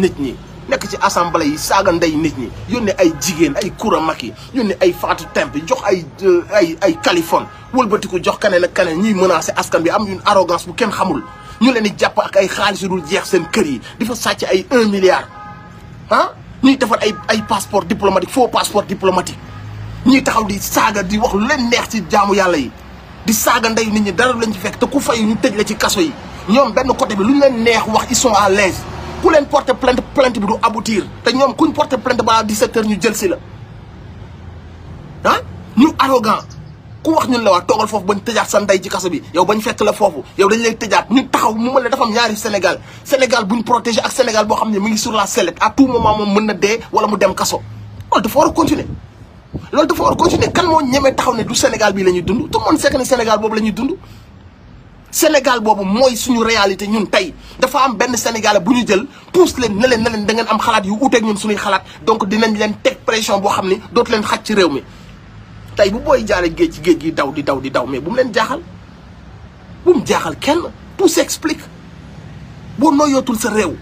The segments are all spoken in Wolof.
nit ñi nekk ci assemblée yi saaga ndey nit ñi yónnee ay jigéen ay Coura Macky yónnee ay Fatou Temp jox ay euh, ay ay Kaliphone wëlbatiku jox keneen ak keneen ñuy menacer askan bi am une arrogance bu kenn xamul ñu leen di jàpp ak ay xaalis yu dul jeex seen kër yi di fa sàcc ay un milliard ah ñuy defar ay ay passeport diplomatique faux passeport diplomatique ñuy taxaw di saaga di wax lu leen neex ci jaamu yàlla yi di saaga ndey nit ñi dara lañ ci fekk te ku fay ñu tëj la ci kaso yi ñoom benn côté lu ñu leen neex wax ils à l'aise ku leen porter plainte plainte bi du aboutir te ñoom kuñ porter plainte balaa 17 heures ñu jël si la ah ñu arrogant ku wax ñun la waa toogal foofu bañ tëjaat sa ndey ci kaso bi yow bañ fekk la foofu yow dañ lay tëjaat ñu taxaw mu mel ne dafa am ñaari Sénégal Sénégal buñ protégé ak Sénégal boo xam ne mu ngi sur la sellette à tout moment moom mën na dee wala mu dem kaso loolu dafa war continuer loolu dafa war a continuer kan moo ñemee taxaw ne du Sénégal bii la ñuy dund tout le ne Sénégal boobu la ñuy dund Sénégal boobu mooy suñu réalité ñun tey dafa am benn sénégalais bu ñu jël pousse leen ne leen ne leen da ngeen am xalaat yu wuuteeg ñun suñuy xalaat donc dinañ leen teg pression boo xam ni dootu leen xaj ci réew mi. tey bu booy jaaree géej ci géej gi daw di daw di daw mais bu mu leen jaaxal bu mu jaaxal kenn tout s'explique boo noyyootul sa réew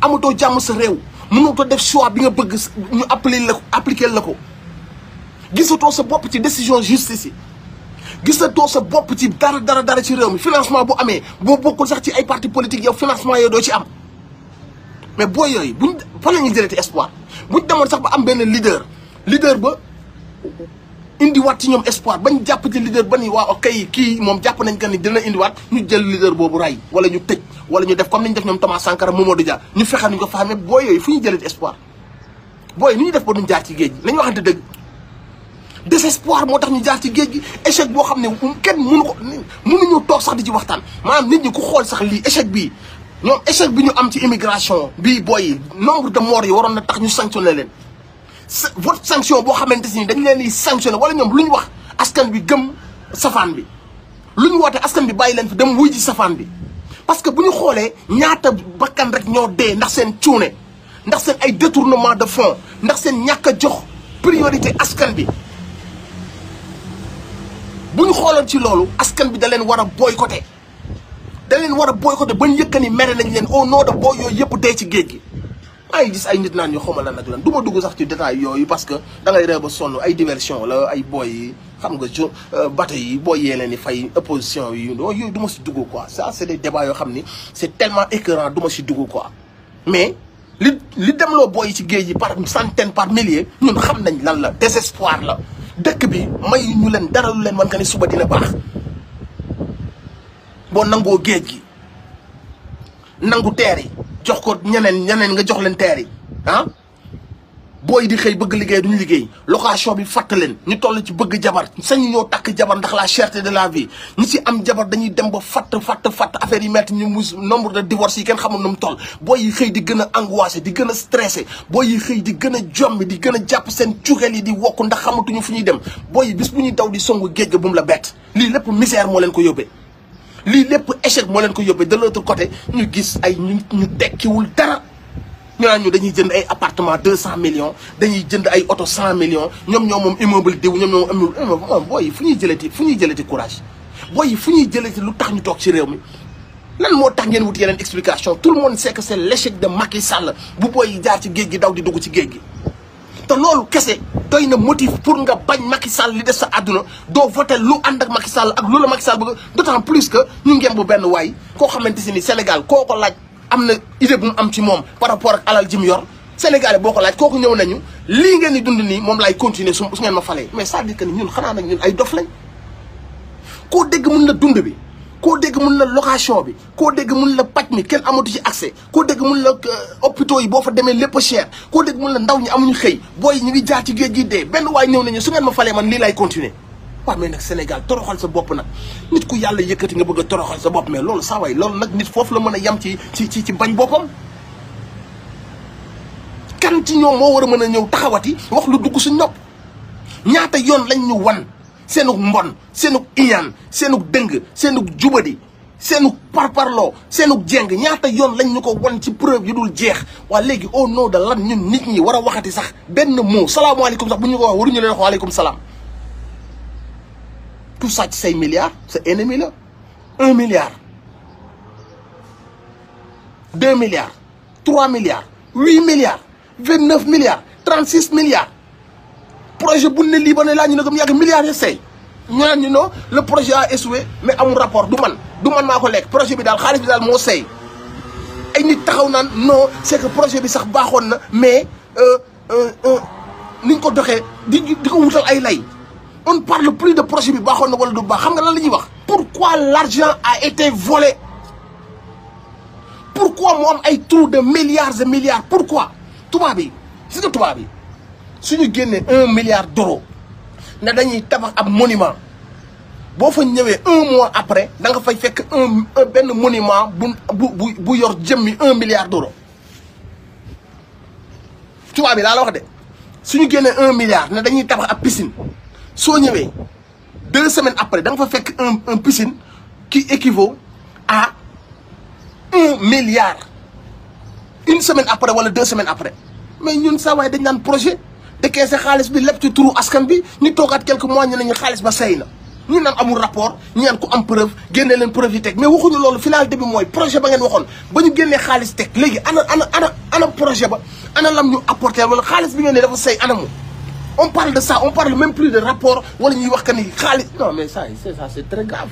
amatoo jàmm sa réew mënatoo def choix bi nga bëgg ñu appeler la ko appliquer la ko gisatoo sa bopp ci décision justice yi. gisatoo sa bopp ci dara dara dara ci réew mi financement bu amee boo bokkul sax ci ay parti politique yow financement yooyu doo ci am mais boo yooyu bu fan la ñuy jëlee espoir buñ demoon sax am benn leader leader ba indiwaat ci ñoom espoir bañ jàpp ci leader ba ni waaw kay kii moom jàpp nañ que ni dina indiwaat ñu jël leader boobu ray wala ñu tëj wala ñu def comme ni ñu def ñoom Thomas Sankara Mamadou Dia ñu fexe ñu ko faxamee boo yooyu fu ñu jëlee espoir booy ni ñu def ba duñ jaar ci géej gi nañu waxante dëgg. désespoir moo tax ñu jaar ci géej gi échec boo xam ne kenn mënu ko mënuñoo toog sax di ci waxtaan maanaam nit ñi ku xool sax lii échec bii ñoom échec bi ñu am ci immigration bi booy yi nombre de morts yi waroon na tax ñu sanctionné leen votre sanction boo xamante si ni dañ leen di sanctionné wala ñoom lu ñu wax askan bi gëm safaan bi lu ñu woote askan bi bàyyi leen fi dem wuy ji safaan bi parce que bu ñu xoolee ñaata bakkan rek ñoo dee ndax seen cuune ndax seen ay détournement de fonds ndax seen ñàkk a jox priorité askan bi bu ñu xooloon ci loolu askan bi da leen war a boycotté da leen war a boycotté ba ñu yëkka ni mere nañ leen au nom de booy yooyu yëpp dee ci géej gi maa ngi gis ay nit naan ñu xamal lan ak lan du ma dugg sax ci détail yooyu parce que da ngay ree ba sonn ay diversion la ay booy yi xam nga jo euh, bato yi booy yee leen ni fay opposition yi yooyu du ma si dugg quoi ça c'est des débats yoo xam ni c'est tellement écœurant du ma si duggu quoi mais li li dem loo booy ci géej yi par centaine par milliers xam nañ lan la désespoir la dëkk bi mayu ñu leen dara lu leen man ka ne suba dina baax boo nangoo géej gi nangu teer yi jox ko ñeneen ñeneen nga jox leen teer yi ah? booy di xëy bëgg liggéey ñu liggéey location bi fàtt leen ñu toll ci bëgg jabar sañu ñoo takk jabar ndax la cherté de la vie ñi si am jabar dañuy dem ba fatt fàtt fatt affaire yi metti ñu mus nombre de divorce yi kenn xamul nu mu toll booy yi xëy di gën a angoissé di gën a stressé booy yi xëy di gën a jombi di gën a jàpp seen cugeel yi di wokk ndax xamatuñu fu ñuy dem booy yi bis bu ñuy daw di songu géej ga bu mu la bett lii lépp misère moo leen ko yóbbee lii lépp échec moo leen ko yóbbee de l'autre côté ñu gis ay ñu ñu tekkiwul dara ñu naan ñu dañuy jënd ay appartement deux cent millions dañuy jënd ay oto cent millions ñoom ñoo moom immeuble diw ñoom ñoo moom immeuble moom booy yi fu ñuy jëlati fu ñuy jëlati courage booy yi fu ñuy jëlati lu tax ñu toog ci réew mi lan moo tax ngeen wut yeneen explication tout le monde sait que c'est de Macky Sall bu booy yi jaar ci géej gi daw di dugg ci géej gi te loolu kese doy na motif pour nga bañ Macky Sall li des sa àdduna doo voté lu ànd ak Macky Sall ak lu la Macky Sall bëgg d'autant plus que ñu bu benn waay koo xamante si ni Sénégal koo laaj am na idée bu mu am ci moom par rapport ak alal ji mu yor sénégalais boo ko laaj kooku ñëw nañu lii ngeen di dund nii moom laay continuer su ngeen ma falee mais cest à ay dof lañ koo mun na dund bi koo dégg mun la location bi koo dégg mun la paj mi kenn amatu ci accès koo dégg mun la euh, hôpitaux yi boo fa demee lépp cher koo dégg mun la ndaw ñi amuñu xëy booy ñu ngi jaar ci géej gi dee benn waay ñëw nañu su ngeen ma falee man lii lay continuer waaw mais nag Sénégal toroxal sa bopp nag nit ku yàlla yëkkati nga bëgg a toroxal sa bopp mais loolu saa waay loolu nag nit foofu la mën a yem ci ci ci ci bañ boppam. kan ci ñoom moo war a mën a ñëw taxawati wax lu dugg suñ nopp ñaata yoon lañ ñu wan seenug mbon seenug iyaan seenug dëng seenug jubadi seenug parparloo seenug jéng ñaata yoon lañ ñu ko wan ci preuve yu dul jeex waa léegi au no de lan ñun nit ñi war a waxati sax benn moo salaamaaleykum sax bu ñu ko wax waruñu leen wax waaleykum salaam. ku sàcc sey milliards sa ennemi la un milliard deux milliards trois milliards huit milliards vingt neuf milliards trente six milliards projet bu ne lii ba ne laa ñu ne ko mu yàgg milliards ya seey ñu naan ñu non le projet a échoué mais amul rapport du man du man maa ko lekk projet bi daal xaalis bi daal moo seey ay nit taxaw naan non c'est que projet bi sax baaxoon na mais euh, euh, euh, ni ko doxee di di ko wutal ay lay on par parle plus de projet bi baaxoon na wala du baax xam nga lan la ñuy wax. pourquoi l'argent a été volé pourquoi mu am ay trous de milliards et milliards pourquoi tubaab yi gis nga tubaab suñu génnee un milliard d'euros ne dañuy tabax ab monument boo fa ñëwee un mois après da nga fay fekk un benn monument bu bu bu yor jëmmi un milliard d'euros tubaab yi laa la wax de suñu génnee un milliard ne dañuy tabax ab piscine. soo ñëwee deux semaines après da nga fa fekk un un piscine qui équivaut à un milliard une semaine après wala deux semaines après mais ñun saa waay dañ naan projet décaissé xaalis bi lépp ci turu askan bi ñu toogaat quelques mois ñu ne ñu xaalis ba sey na. ñu naan amul rapport ñu naan ku am preuve génne leen projet yi teg mais waxuñu loolu finalité bi mooy projet ba ngeen waxoon ba ñu génnee xaalis teg léegi ana ana ana ana projet ba ana lam ñu apporter wala xaalis bi ngeen ne dafa say anamu. on parle de ça on parle même plus de rapport wala ñuy wax que ni xaalis non mais ça c'est ça c'est très grave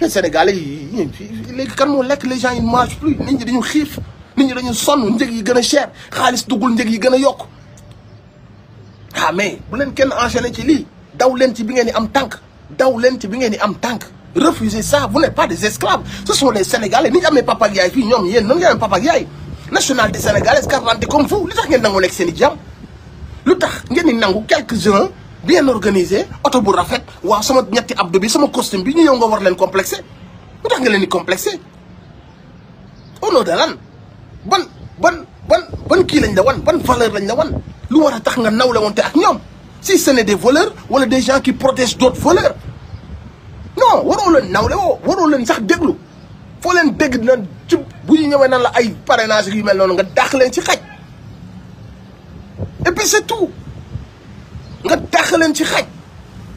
yi léegi kan moo lekk les gens ils ne mangent plus nit ñi dañu xiif nit ñi dañu sonn njëg yi gën a cher xaalis duggul njëg yi gën a yokk ah mais bu leen kenn enchaîné ci li daw leen ci bi ngeen di am tànk daw leen ci bi ngeen di am tànk refusez ça vous n'êtes pas des esclaves ce sont les Sénégalais ni ñu amee papa ak yaay fii ñoom yéen nan ngeen amee papa ak yaay nationalité sénégalaise carte d'identité comme vous li tax ngeen nangoo nekk seen i lu tax ngeen di nangu quelques-uns bien organisés oto bu rafet waaw sama ñetti abdou bi sama costume bi ñu ñëw nga war leen complexé lu tax nga leen ni complexé au nom de lan ban ban ban ban kii lañ la wan ban valeur lañ la wan lu war a tax nga naw la wante ak ñoom si ce n'est des voleurs wala des gens qui protègent d'autres voleurs non waroo leen nawle woo waroo leen sax déglu foo leen dégg na jub bu ñu ñëwee nan la ay parrainage yu mel noonu nga dàq leen ci xaj c'est tout nga dàq leen ci xaj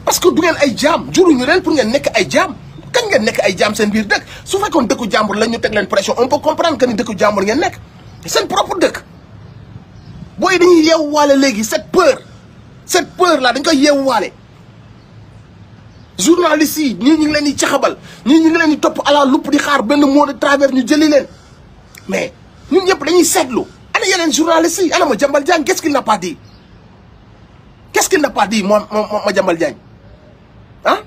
parce que du ngeen ay jaam juruñu leen pour ngeen nekk ay jaam kañ ngeen nekk ay jaam seen biir dëkk su fekkoon dëkku jàmbur lañ ñu teg leen pression on peut comprendre que ni dëkku jàmbur ngeen nekk seen propre dëkk booy dañuy yeewuwaale léegi cette peur cette peur laa dañ koy yeewuwaale journalistes yi ñii ñu ngi leen di caxabal ñii ñi ngi leen di topp à la loupe di xaar benn mot de travers ñu jëli leen mais ñun ñëpp dañuy seetlu ana yeneen journaliste yi ana Madiambal Diagne qu'est-ce qu'il n'a pas dit qu'est-ce qu'il n'a pas dit moom moom Madiambal Diagne ah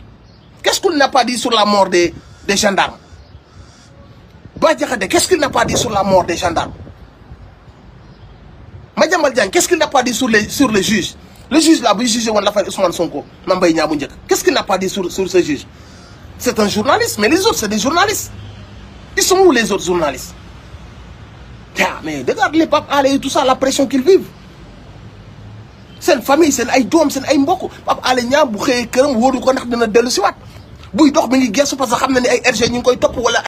qu'est-ce sur la mort des des gendarmes Bah Diakhaté qu'est-ce qu'il n'a pas dit sur la mort des gendarmes Madiambal Diagne qu'est-ce qu'il n'a pas dit sur les sur les juges le juge là bu jugé woon l'affaire Ousmane Sonko Mame Mbaye Niang bu njëkk qu'est-ce qu'il n'a pas dit sur sur ce juge c'est un journaliste mais les autres c'est des journalistes ils sont les autres journalistes ah mais regarde les Pape Alé yi tout ça la pression qu'ils vivent seen famille seen ay doom seen ay mbokk Pape Alé Niang bu xëyee këram wóoru ko ndax dina dellu si waat buy dox mi ngi gestu parce que xam na ne ay RG ñu ngi koy topp wala.